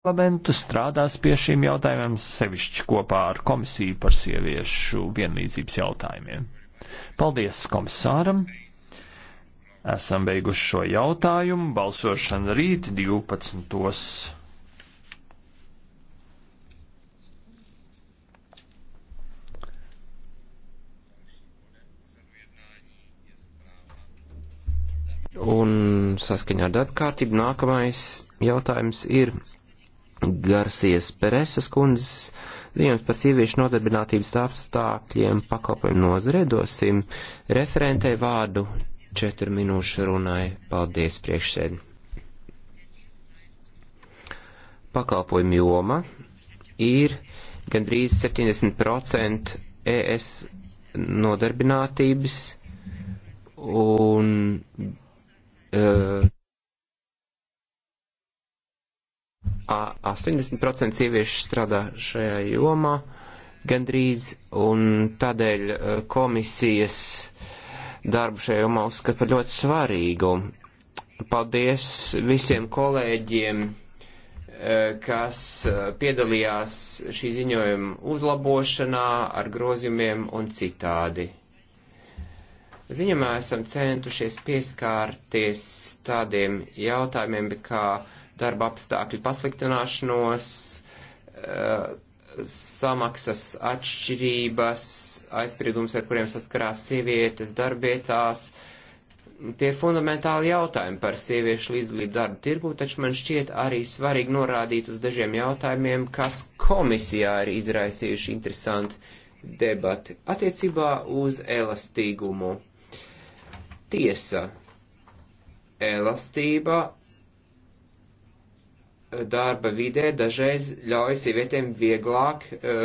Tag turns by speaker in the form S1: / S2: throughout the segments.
S1: parlamentu strādās pie šiem jautājumiem, sevišķi kopā ar komisiju par sieviešu vienlīdzības jautājumiem. Paldies komisāram! Esam beiguši šo jautājumu. Balsošana rīt 12.
S2: Un saskaņā ar darbkārtību nākamais jautājums ir Garsies Pereses kundzes ziņojums par sieviešu nodarbinātības apstākļiem pakalpojumu nozarē dosim referentei vārdu četru minūšu runai. Paldies priekšsēdi. Pakalpojumu joma ir gandrīz 70% ES nodarbinātības un uh, 80% sieviešu strādā šajā jomā gandrīz, un tādēļ eh, komisijas darbu šajā jomā uzskata par ļoti svarīgu. Paldies visiem kolēģiem, eh, kas eh, piedalījās šī ziņojuma uzlabošanā ar grozījumiem un citādi. Ziņamā esam centušies pieskārties tādiem jautājumiem, kā darba apstākļu pasliktināšanos, eh, samaksas atšķirības, aizspriedums, ar kuriem saskarās sievietes darbietās. Tie ir fundamentāli jautājumi par sieviešu līdzdalību darba tirgu, taču man šķiet arī svarīgi norādīt uz dažiem jautājumiem, kas komisijā ir izraisījuši interesanti debati attiecībā uz elastīgumu. Tiesa, elastība darba vidē dažreiz ļauj sievietēm vieglāk uh,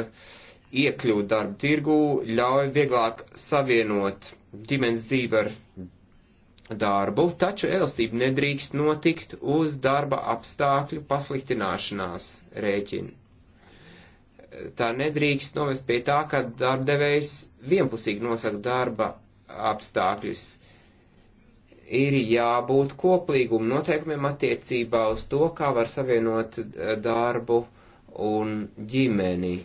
S2: iekļūt darba tirgū, ļauj vieglāk savienot ģimenes dzīvi ar darbu, taču elastība nedrīkst notikt uz darba apstākļu pasliktināšanās rēķina. Tā nedrīkst novest pie tā, ka darbdevējs vienpusīgi nosaka darba apstākļus. Uh, ir jābūt koplīguma noteikumiem attiecībā uz to, kā var savienot eh, darbu un ģimeni.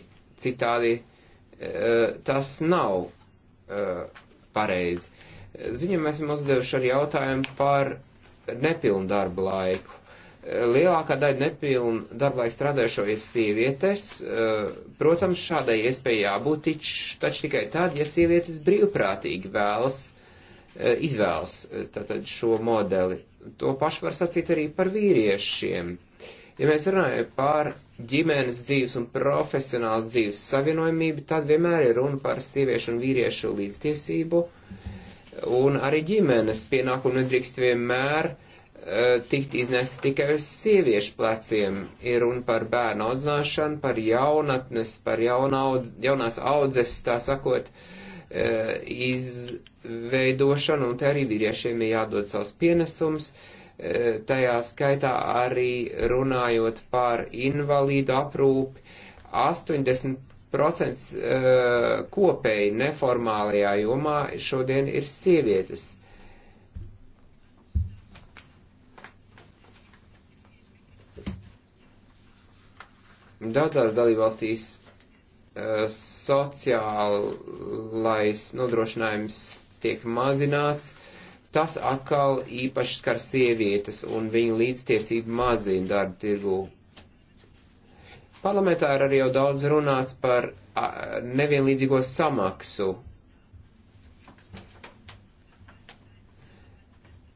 S2: Citādi eh, tas nav eh, pareizi. Ziņam esam uzdevuši arī jautājumu par nepilnu darbu laiku. Lielākā daļa nepilnu darba laika strādājušo ir sievietes. Protams, šādai iespējai jābūt, taču tikai tad, ja sievietes brīvprātīgi vēlas uh, E, izvēlas e, tātad šo modeli. To pašu var sacīt arī par vīriešiem. Ja mēs runājam par ģimenes dzīves un profesionālas dzīves savienojumību, tad vienmēr ir runa par sieviešu un vīriešu līdztiesību, un arī ģimenes pienākumi nedrīkst vienmēr uh, tikt iznesti tikai uz sieviešu pleciem. Ir runa par bērnu audzināšanu, par jaunatnes, par jaunaudz, jaunās audzes, tā sakot, uh, Eh, izveidošanu, un te arī vīriešiem ir jādod savs pienesums, eh, tajā skaitā arī runājot par invalīdu aprūpi. 80% eh, kopēji neformālajā jomā šodien ir sievietes. Daudzās dalībvalstīs Eh, sociālais nodrošinājums tiek mazināts, tas atkal īpaši skar sievietes un viņu līdztiesību mazina darba tirgū. Parlamentā ir arī jau daudz runāts par nevienlīdzīgo samaksu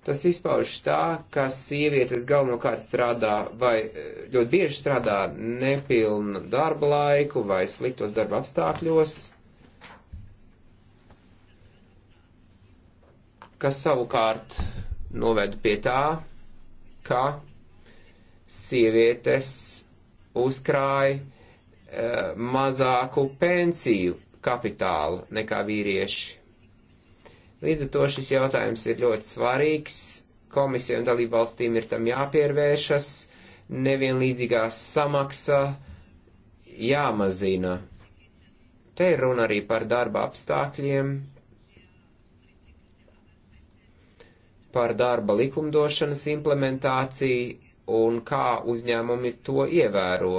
S2: Tas izpaužas tā, ka sievietes galvenokārt strādā vai e, ļoti bieži strādā nepilnu darba laiku vai sliktos darba apstākļos, kas savukārt noved pie tā, ka sievietes uzkrāja e, mazāku pensiju kapitālu nekā vīrieši. Līdz ar to šis jautājums ir ļoti svarīgs. Komisija un dalību valstīm ir tam jāpievēršas. Nevienlīdzīgā samaksa jāmazina. Te ir runa arī par darba apstākļiem, par darba likumdošanas implementāciju un kā uzņēmumi to ievēro.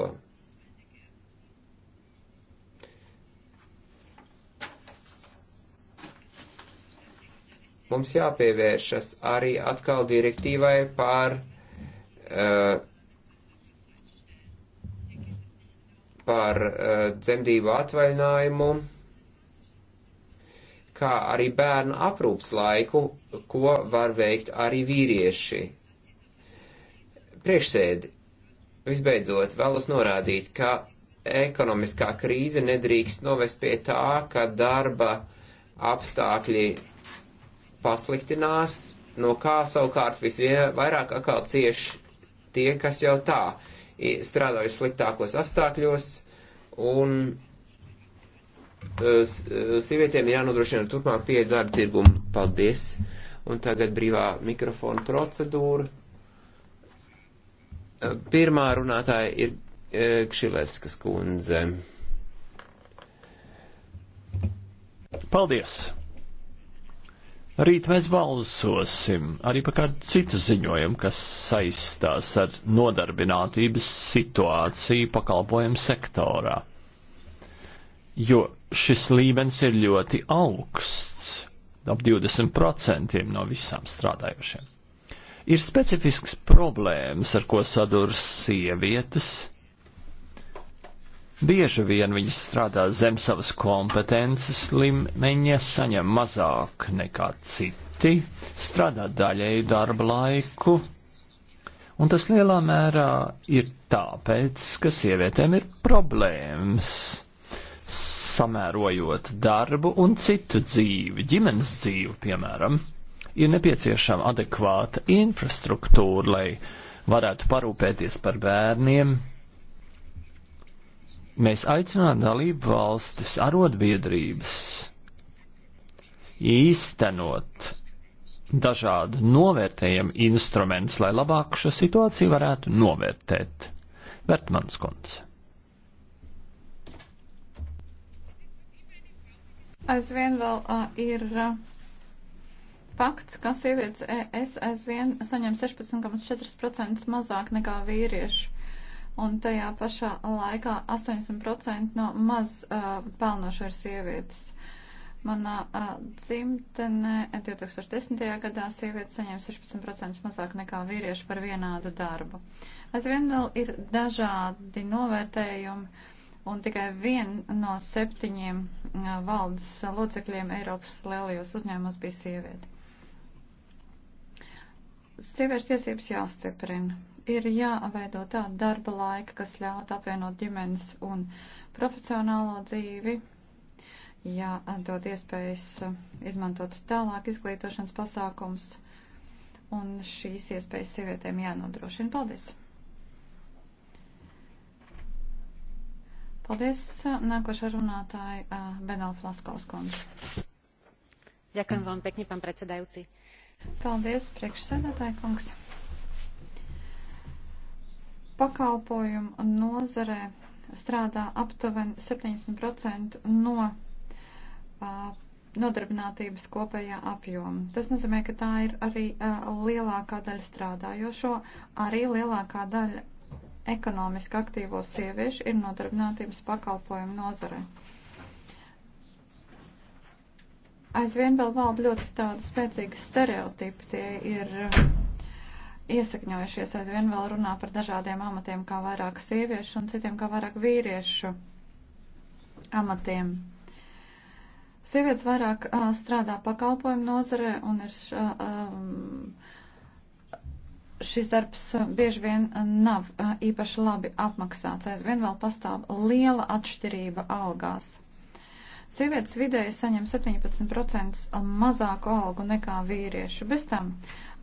S2: Mums jāpievēršas arī atkal direktīvai pār, uh, eh, pār uh, eh, dzemdību atvaļinājumu, kā arī bērnu aprūps laiku, ko var veikt arī vīrieši. Priekšsēdi, visbeidzot, vēlos norādīt, ka ekonomiskā krīze nedrīkst novest pie tā, ka darba apstākļi pasliktinās, no kā savukārt visvairāk atkal cieši tie, kas jau tā strādāju sliktākos apstākļos, un sievietēm jānodrošina turpmāk pieeja darba tirgumu. Paldies! Un tagad brīvā mikrofona procedūra. Pirmā runātāja ir e, Kšilevskas kundze. Paldies!
S1: Rīt mēs balsosim arī par kādu citu ziņojumu, kas saistās ar nodarbinātības situāciju pakalpojumu sektorā. Jo šis līmenis ir ļoti augsts, ap 20% no visām strādājošiem. Ir specifisks problēmas, ar ko sadurs sievietes, Bieži vien viņas strādā zem savas kompetences līmeņa, saņem mazāk nekā citi, strādā daļēju darba laiku, un tas lielā mērā ir tāpēc, ka sievietēm ir problēmas samērojot darbu un citu dzīvi, ģimenes dzīvi, piemēram, ir nepieciešama adekvāta infrastruktūra, lai varētu parūpēties par bērniem, Mēs aicinām dalību valstis arotbiedrības īstenot dažādu novērtējumu instrumentus, lai labāk šo situāciju varētu novērtēt. Vertmans kundze.
S3: Aizvien vēl uh, ir uh, fakts, ka sievietes ES aizvien saņem 16,4% mazāk nekā vīrieši un tajā pašā laikā 80% no maz uh, pelnošu ir sievietes. Manā uh, dzimtenē 2010. gadā sievietes saņēma 16% mazāk nekā vīrieši par vienādu darbu. Aizvien vēl ir dažādi novērtējumi, un tikai vien no septiņiem uh, valdes locekļiem Eiropas lielajos uzņēmumos bija sieviete. Sieviešu tiesības jāstiprina ir jāveido tāda darba laika, kas ļautu apvienot ģimenes un profesionālo dzīvi, jādod iespējas uh, izmantot tālāk izglītošanas pasākums, un šīs iespējas sievietēm jānodrošina. Paldies! Paldies. Uh, nākošā runātāja uh, Benela Flaskovs kundze. Ďakujem veľmi pekne, pán predsedajúci. Paldies, priekšsēdētāja kungs. Pakalpojumu nozarē strādā aptuveni 70% no uh, nodarbinātības kopējā apjoma. Tas nozīmē, ka tā ir arī uh, lielākā daļa strādājošo, arī lielākā daļa ekonomiski aktīvo sieviešu ir nodarbinātības pakalpojumu nozare. Aizvien vēl valda ļoti tādi spēcīgi stereotipi, tie ir iesakņojušies aizvien vēl runā par dažādiem amatiem, kā vairāk sieviešu un citiem, kā vairāk vīriešu amatiem. Sievietes vairāk uh, strādā pakalpojumu nozarē un ir š, uh, šis darbs bieži vien nav uh, īpaši labi apmaksāts. Aizvien vēl pastāv liela atšķirība algās. Sievietes vidēji saņem 17% mazāku algu nekā vīrieši. Bez tam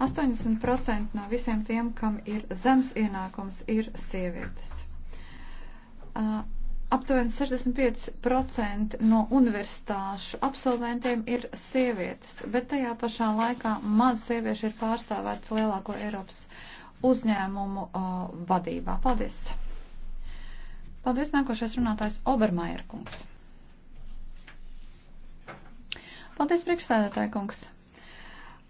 S3: 80% no visiem tiem, kam ir zems ienākums, ir sievietes. Uh, aptuveni 65% no universitāšu absolventiem ir sievietes, bet tajā pašā laikā maz sieviešu ir pārstāvēts lielāko Eiropas uzņēmumu uh, vadībā. Paldies! Paldies, nākošais runātājs Obermajer kungs. Paldies, priekšsēdētāji kungs!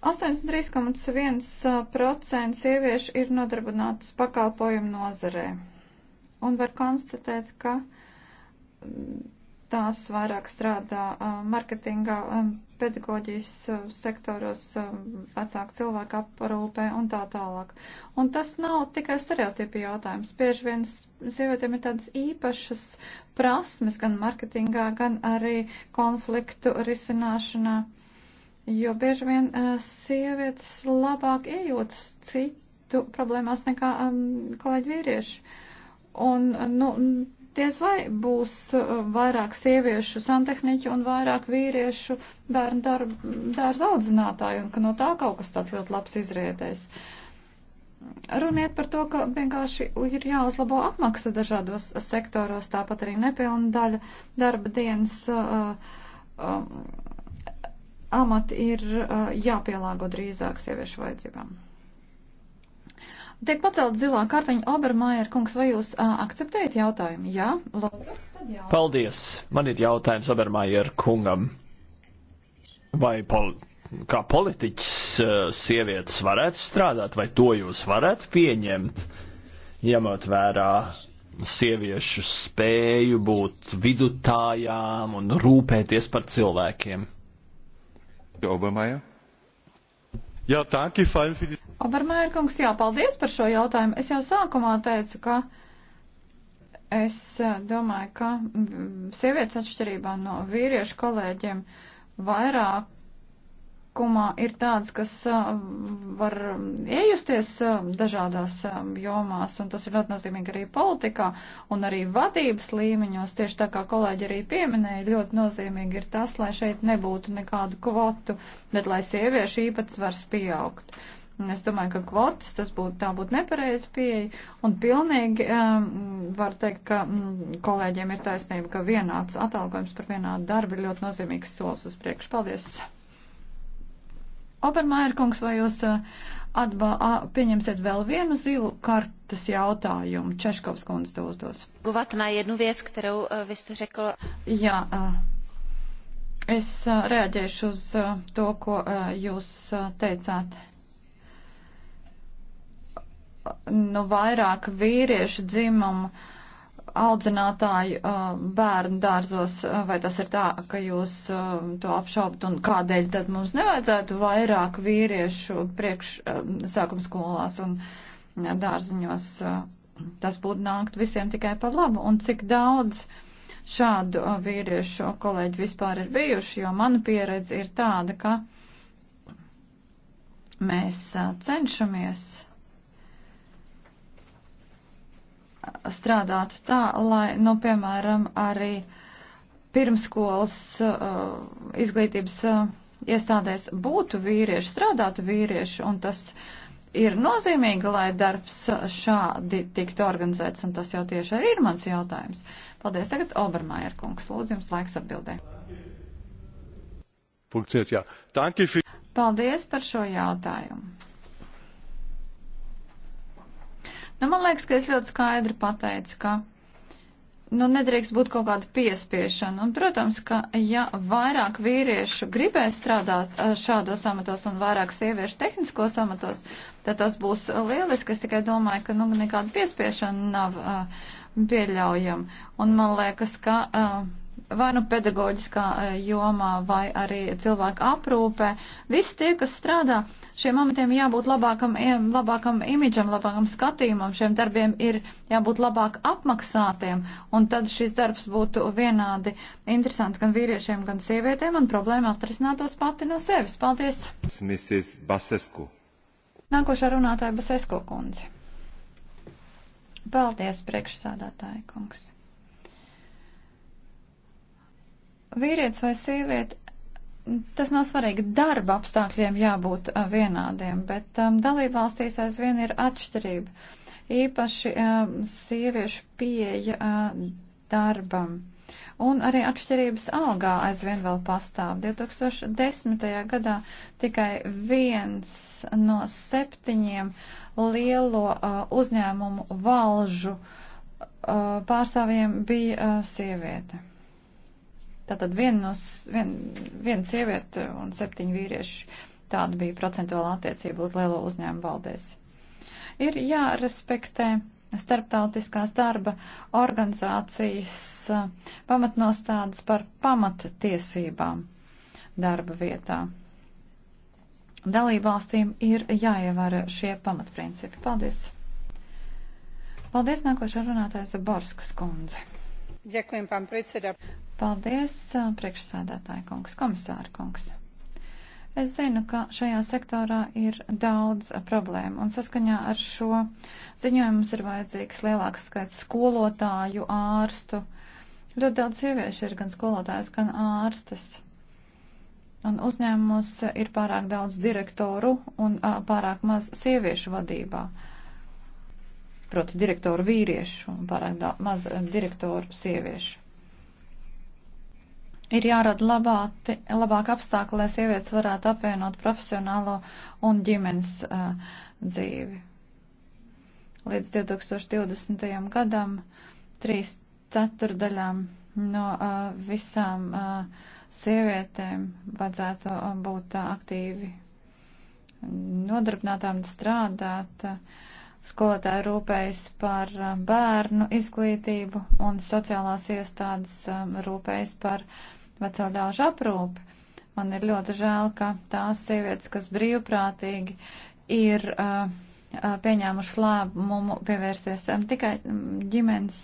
S3: 83,1% uh, sieviešu ir nodarbinātas pakalpojumu nozarē. Un var konstatēt, ka Tās vairāk strādā marketingā, pedagoģijas sektoros, vecāku cilvēku aprūpē un tā tālāk. Un tas nav tikai stereotipi jautājums. Bieži vien sievietēm ir tādas īpašas prasmes gan marketingā, gan arī konfliktu risināšanā, jo bieži vien sievietes labāk iejūtas citu problēmās nekā um, kolēģi vīrieši. Un, nu, Diez vai būs uh, vairāk sieviešu santehniķu un vairāk vīriešu bērnu dārza audzinātāju un ka no tā kaut kas tāds ļoti labs izrietēs. Runiet par to, ka vienkārši ir jāuzlabo apmaksa dažādos sektoros, tāpat arī nepilna daļa darba dienas uh, uh, amati ir uh, jāpielāgo drīzāk sieviešu vajadzībām. Tiek pacelt zilā kartiņa Obermaier kungs, vai jūs uh, akceptējat jautājumu? Jā, lūdzu.
S1: Paldies. Man ir jautājums Obermaier kungam. Vai pol kā politiķis uh, sievietes varētu strādāt, vai to jūs varētu pieņemt, ņemot vērā sieviešu spēju būt vidutājām un rūpēties par cilvēkiem? Obermaier. Jā, tanki, faļfi.
S3: Obermēra kungs, jā, paldies par šo jautājumu. Es jau sākumā teicu, ka es eh, domāju, ka mm, sievietes atšķirībā no vīriešu kolēģiem vairāk likumā ir tāds, kas var iejusties dažādās jomās, un tas ir ļoti nozīmīgi arī politikā un arī vadības līmeņos. Tieši tā kā kolēģi arī pieminēja, ļoti nozīmīgi ir tas, lai šeit nebūtu nekādu kvotu, bet lai sieviešu īpatsvars pieaugt. Es domāju, ka kvotas tas būtu tā būtu nepareiza pieeja, un pilnīgi um, var teikt, ka mm, kolēģiem ir taisnība, ka vienāds atalgojums par vienādu darbu ir ļoti nozīmīgs solis uz priekšu. Paldies! Obermajer kungs, vai jūs uh, atbā, pieņemsiet vēl vienu zilu kartas jautājumu? Češkovs kundze to uzdos. Guvāt na jednu vies, kterou uh, vy ste řekl. Jā, uh, es reaģēšu uz to, ko jūs teicāt. Nu, vairāk vīriešu dzimumu audzinātāju bērnu dārzos, vai tas ir tā, ka jūs to apšaubat un kādēļ tad mums nevajadzētu vairāk vīriešu priekš sākums skolās un dārziņos. Tas būtu nākt visiem tikai par labu. Un cik daudz šādu vīriešu kolēģi vispār ir bijuši, jo mana pieredze ir tāda, ka mēs cenšamies strādāt tā, lai, nu, piemēram, arī pirmskolas uh, izglītības uh, iestādēs būtu vīrieši, strādātu vīrieši, un tas ir nozīmīgi, lai darbs uh, šādi tiktu organizēts, un tas jau tieši arī ir mans jautājums. Paldies, tagad Obermajer kungs, lūdzu jums laiks atbildē.
S1: Punkciet, jā. Tanki.
S3: Paldies par šo jautājumu. Nu, man liekas, ka es ļoti skaidri pateicu, ka nu, nedrīkst būt kaut kāda piespiešana. Un, protams, ka ja vairāk vīriešu gribēs strādāt eh, šādos amatos un vairāk sieviešu tehniskos amatos, tad tas būs lieliski. Es tikai domāju, ka nu, nekāda piespiešana nav uh, pieļaujama. Un man liekas, ka. Uh, vai nu pedagoģiskā e, jomā, vai arī cilvēku aprūpē. Visi tie, kas strādā, šiem amatiem jābūt labākam, e, labākam imidžam, labākam skatījumam, šiem darbiem ir jābūt labāk apmaksātiem, un tad šis darbs būtu vienādi interesants gan vīriešiem, gan sievietēm, un problēma atrisinātos pati no sevis. Paldies!
S2: Mrs. Basesku.
S3: Nākošā runātāja Basesko kundze. Paldies, priekšsādātāja kungs. vīrietis vai sieviete, tas nav svarīgi. Darba apstākļiem jābūt vienādiem, bet um, dalībvalstīs aizvien ir atšķirība. Īpaši um, sieviešu pieeja uh, darbam. Un arī atšķirības algā aizvien vēl pastāv. 2010. gadā tikai viens no septiņiem lielo uh, uzņēmumu valžu uh, pārstāvjiem bija uh, sieviete. Tātad viena no, vien, viena sieviete un septiņi vīrieši. Tāda bija procentuāla attiecība būt lielo uzņēmumu valdēs. Ir jārespektē starptautiskās darba organizācijas pamatnostādes par pamattiesībām darba vietā. Dalībvalstīm ir jāievēro šie pamatprincipi. Paldies! Paldies nākošā runātāja Zaborskas kundze. Ďakujem, pán predseda. Paldies, eh, priekšsēdētāja kungs, komisāra kungs. Es zinu, ka šajā sektorā ir daudz eh, problēmu, un saskaņā ar šo ziņojumu mums ir vajadzīgs lielāks skaits skolotāju, ārstu. Ļoti daudz sieviešu ir gan skolotājs, gan ārstes. Un uzņēmumos ir pārāk daudz direktoru un eh, pārāk maz sieviešu vadībā. Uh, proti direktoru vīriešu un pārāk maz eh, direktoru sieviešu. Ir jārada labāti, labāk apstākļi, lai sievietes varētu apvienot profesionālo un ģimenes uh, dzīvi. Līdz 2020. gadam trīs ceturdaļām no uh, visām uh, sievietēm vajadzētu būt aktīvi nodarbinātām, strādāt. Uh, skolotāji rūpējas par um, bērnu izglītību un sociālās iestādes um, rūpējas par veco ļaužu aprūpi. Man ir ļoti žēl, ka tās sievietes, kas brīvprātīgi ir uh, uh, pieņēmuši lēmumu pievērsties um, tikai ģimenes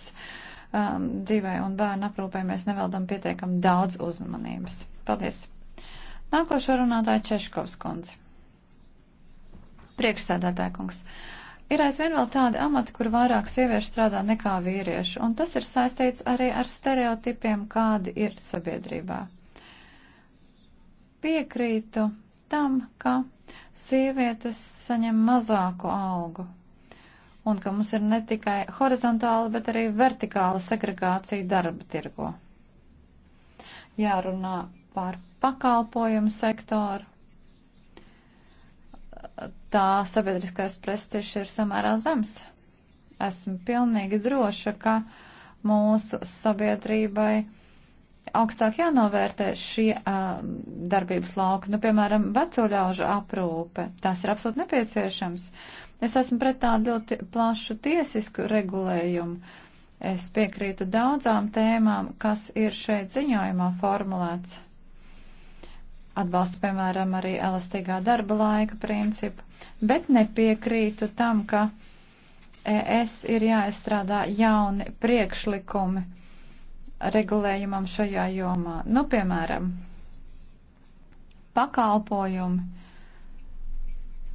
S3: dzīvē un bērnu aprūpē, mēs neveldam pietiekam daudz uzmanības. Paldies! Nākošo runātāju Češkovs kundzi. Priekšsēdētāja kungs. Uh, Ir aizvien vēl tādi amati, kur vairāk sieviešu strādā nekā vīriešu, un tas ir saistīts arī ar stereotipiem, kādi ir sabiedrībā. Piekrītu tam, ka sievietes saņem mazāku algu, un ka mums ir ne tikai horizontāla, bet arī vertikāla segregācija darba tirgo. Jārunā par pakalpojumu sektoru, tā sabiedriskais prestižs ir samērā zems. Esmu pilnīgi droša, ka mūsu sabiedrībai augstāk jānovērtē šie uh, darbības lauki, nu, piemēram, vecoļaužu aprūpe. Tas ir absolūti nepieciešams. Es esmu pret tādu ļoti plašu tiesisku regulējumu. Es piekrītu daudzām tēmām, kas ir šeit ziņojumā formulēts atbalstu, piemēram, arī elastīgā darba laika principu, bet nepiekrītu tam, ka ES ir jāizstrādā jauni priekšlikumi regulējumam šajā jomā. Nu, piemēram, pakalpojumi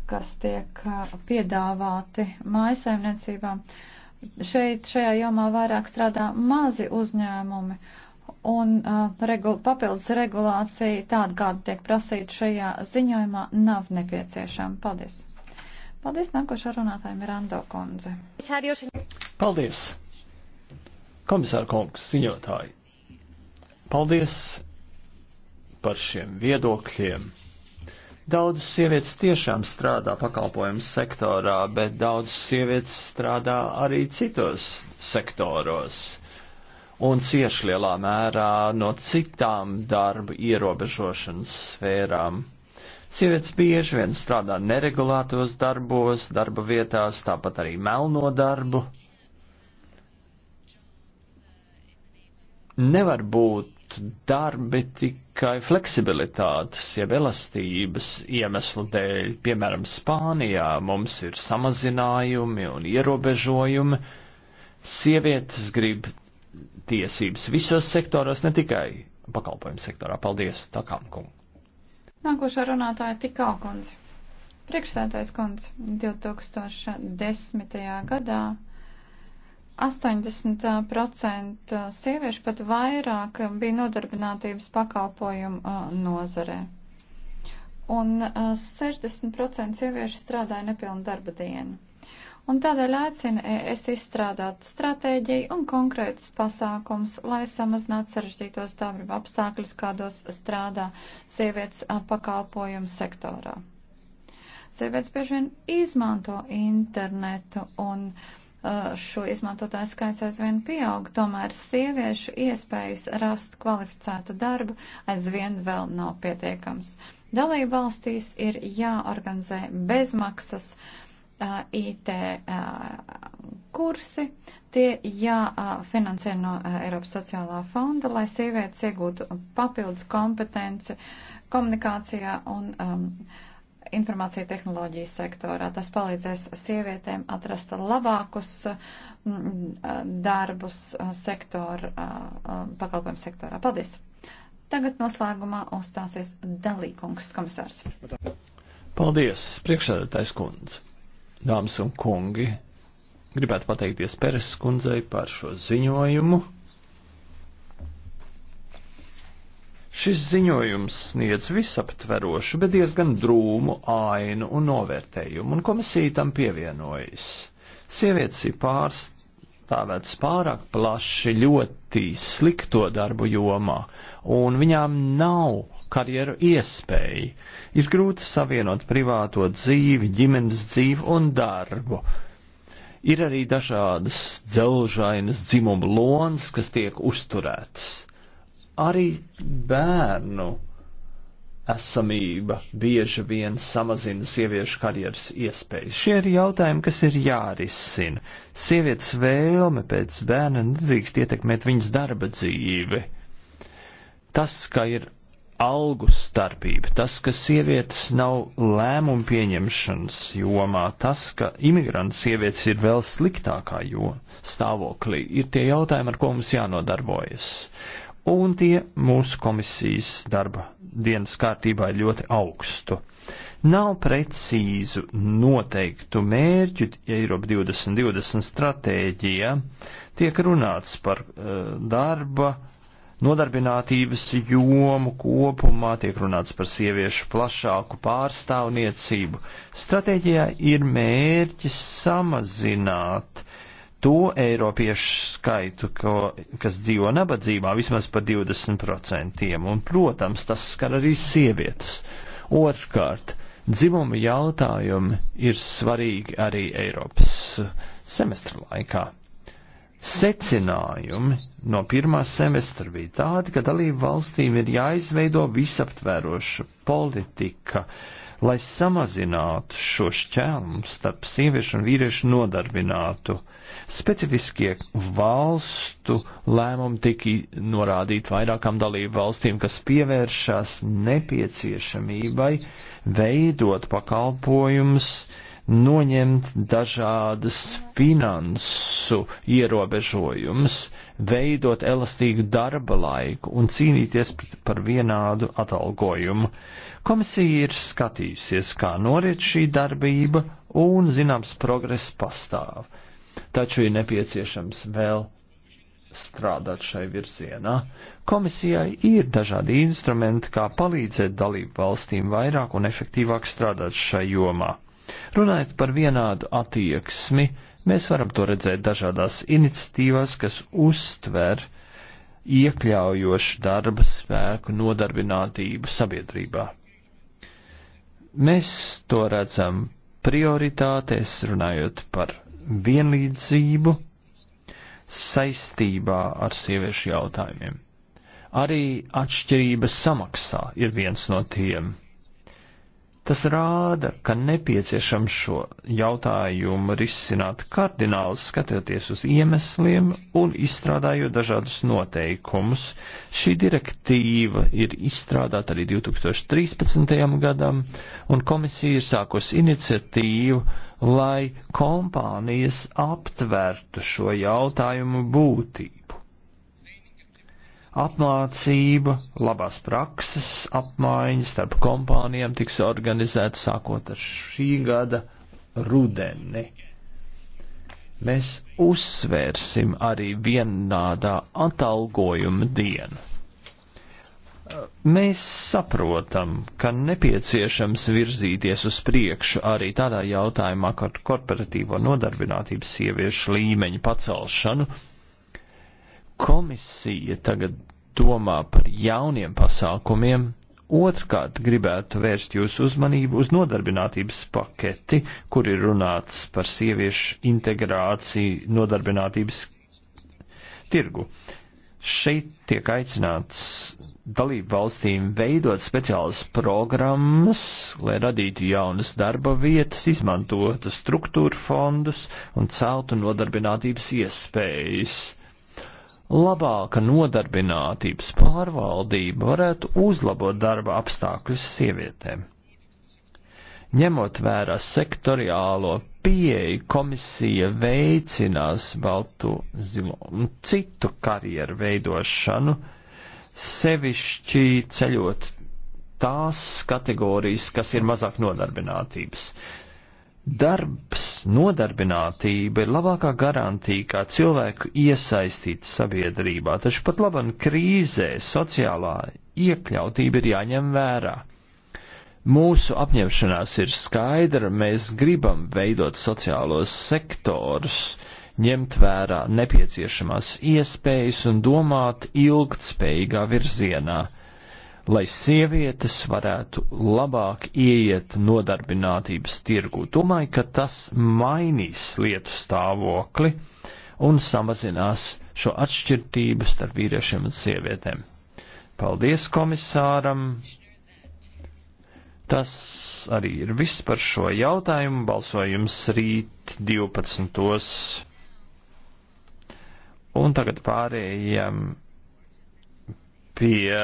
S3: kas tiek piedāvāti mājasaimniecībām. Šeit šajā jomā vairāk strādā mazi uzņēmumi, uh, un uh, regul, papildus regulācija tāda, kāda tiek prasīta šajā ziņojumā, nav nepieciešama. Paldies! Paldies, nākošā runātāja Mirando Konze.
S1: Paldies! Komisāra kungs, ziņotāji! Paldies par šiem viedokļiem! Daudzas sievietes tiešām strādā pakalpojumu sektorā, bet daudzas sievietes strādā arī citos sektoros un cieši lielā mērā no citām darba ierobežošanas sfērām. Sievietes bieži vien strādā neregulētos darbos, darba vietās, tāpat arī melno darbu. Nevar būt darbi tikai fleksibilitātes, jeb elastības iemeslu dēļ. Piemēram, Spānijā mums ir samazinājumi un ierobežojumi. Sievietes grib tiesības visos sektoros, ne tikai pakalpojumu sektorā. Paldies, Takām kungu.
S3: Nākošā runātāja Tikā kundze. Priekšsēdājs kundze 2010. gadā 80% sieviešu pat vairāk bija nodarbinātības pakalpojumu nozarē. Un 60% sieviešu strādāja nepilnu darba dienu un tādēļ aicina es izstrādāt stratēģiju un konkrētus pasākums, lai samazinātu sarežģītos darba apstākļus, kādos strādā sievietes pakalpojumu sektorā. Sievietes bieži vien izmanto internetu un šo izmantotāju skaits aizvien pieaug, tomēr sieviešu iespējas rast kvalificētu darbu aizvien vēl nav pietiekams. Dalība valstīs ir jāorganizē bezmaksas uh, IT kursi, tie jāfinansē no Eiropas sociālā fonda, lai sievietes iegūtu papildus kompetenci komunikācijā un um, informācija tehnoloģijas sektorā. Tas palīdzēs sievietēm atrast labākus darbus sektoru, pakalpojumu sektorā. Paldies! Tagad noslēgumā uzstāsies dalīkungs komisārs.
S1: Paldies, priekšsēdētājs kundze dāmas un kungi, gribētu pateikties Peres kundzei par šo ziņojumu. Šis ziņojums sniedz visaptverošu, bet diezgan drūmu ainu un novērtējumu, un komisija tam pievienojas. Sievietes ir pārstāvētas pārāk plaši ļoti slikto darbu jomā, un viņām nav karjeru iespēju. Ir grūti savienot privāto dzīvi, ģimenes dzīvi un darbu. Ir arī dažādas dzelžainas dzimuma lonas, kas tiek uzturētas. Arī bērnu esamība bieži vien samazina sieviešu karjeras iespējas. Šie ir jautājumi, kas ir jārisina. Sievietes vēlme pēc bērna nedrīkst ietekmēt viņas darba dzīvi. Tas, ka ir algu starpība, tas, ka sievietes nav lēmumu pieņemšanas jomā, tas, ka imigrants sievietes ir vēl sliktākā jo stāvoklī, ir tie jautājumi, ar ko mums jānodarbojas. Un tie mūsu komisijas darba dienas kārtībā ir ļoti augstu. Nav precīzu noteiktu mērķu Eiropa 2020 stratēģija, tiek runāts par uh, darba uh, nodarbinātības jomu kopumā tiek runāts par sieviešu plašāku pārstāvniecību. Stratēģijā ir mērķis samazināt to eiropiešu skaitu, ko, kas dzīvo nabadzībā, vismaz par 20%, un, protams, tas skar arī sievietes. Otrkārt, dzimuma jautājumi ir svarīgi arī Eiropas semestra laikā. Secinājumi no pirmā semestra bija tādi, ka dalību valstīm ir jāizveido visaptveroša politika, lai samazinātu šo šķēlumu starp sieviešu un vīriešu nodarbinātu. Specifiskie valstu lēmumi tika norādīti vairākām dalību valstīm, kas pievēršās nepieciešamībai veidot pakalpojumus, uh, noņemt dažādas finansu ierobežojumus, veidot elastīgu darba laiku un cīnīties par vienādu atalgojumu. Komisija ir skatījusies, kā noriet šī darbība un zināms progress pastāv, taču ir nepieciešams vēl strādāt šai virzienā. Komisijai ir dažādi instrumenti, kā palīdzēt dalību valstīm vairāk un efektīvāk strādāt šai jomā. Runājot par vienādu attieksmi, mēs varam to redzēt dažādās iniciatīvās, kas uztver iekļaujošu darba spēku nodarbinātību sabiedrībā. Mēs to redzam prioritātēs, runājot par vienlīdzību saistībā ar sieviešu jautājumiem. Arī atšķirības samaksā ir viens no tiem. Tas rāda, ka nepieciešams šo jautājumu risināt kardināli skatoties uz iemesliem un izstrādājot dažādus noteikumus. Šī direktīva ir izstrādāta arī 2013. gadam, un komisija ir sākusi iniciatīvu, lai kompānijas aptvertu šo jautājumu būtību apmācība, labās prakses apmaiņas starp kompānijām tiks organizēta sākot ar šī gada rudeni. Mēs uzsvērsim arī vienādā atalgojuma dienu. Mēs saprotam, ka nepieciešams virzīties uz priekšu arī tādā jautājumā, kā korporatīvo nodarbinātības sieviešu līmeņu pacelšanu, komisija tagad domā par jauniem pasākumiem, Otrkārt, gribētu vērst jūsu uzmanību uz nodarbinātības paketi, kur ir runāts par sieviešu integrāciju nodarbinātības tirgu. Šeit tiek aicināts dalību valstīm veidot speciālas programmas, lai radītu jaunas darba vietas, izmantotu struktūra fondus un celtu nodarbinātības iespējas labāka nodarbinātības pārvaldība varētu uzlabot darba apstākļus sievietēm. Ņemot vērā sektoriālo pieeju, komisija veicinās baltu, zilo un citu karjeru veidošanu, sevišķi ceļot tās kategorijas, kas ir mazāk nodarbinātības. Darbs, nodarbinātība ir labākā garantija, kā cilvēku iesaistīt sabiedrībā, taču pat laban krīzē sociālā iekļautība ir jāņem vērā. Mūsu apņemšanās ir skaidra, mēs gribam veidot sociālos sektorus, ņemt vērā nepieciešamās iespējas un domāt ilgtspējīgā virzienā lai sievietes varētu labāk ieiet nodarbinātības tirgu. Domāju, ka tas mainīs lietu stāvokli un samazinās šo atšķirtību starp vīriešiem un sievietēm. Paldies komisāram! Tas arī ir viss par šo jautājumu. Balsojums rīt 12. Un tagad pārējiem pie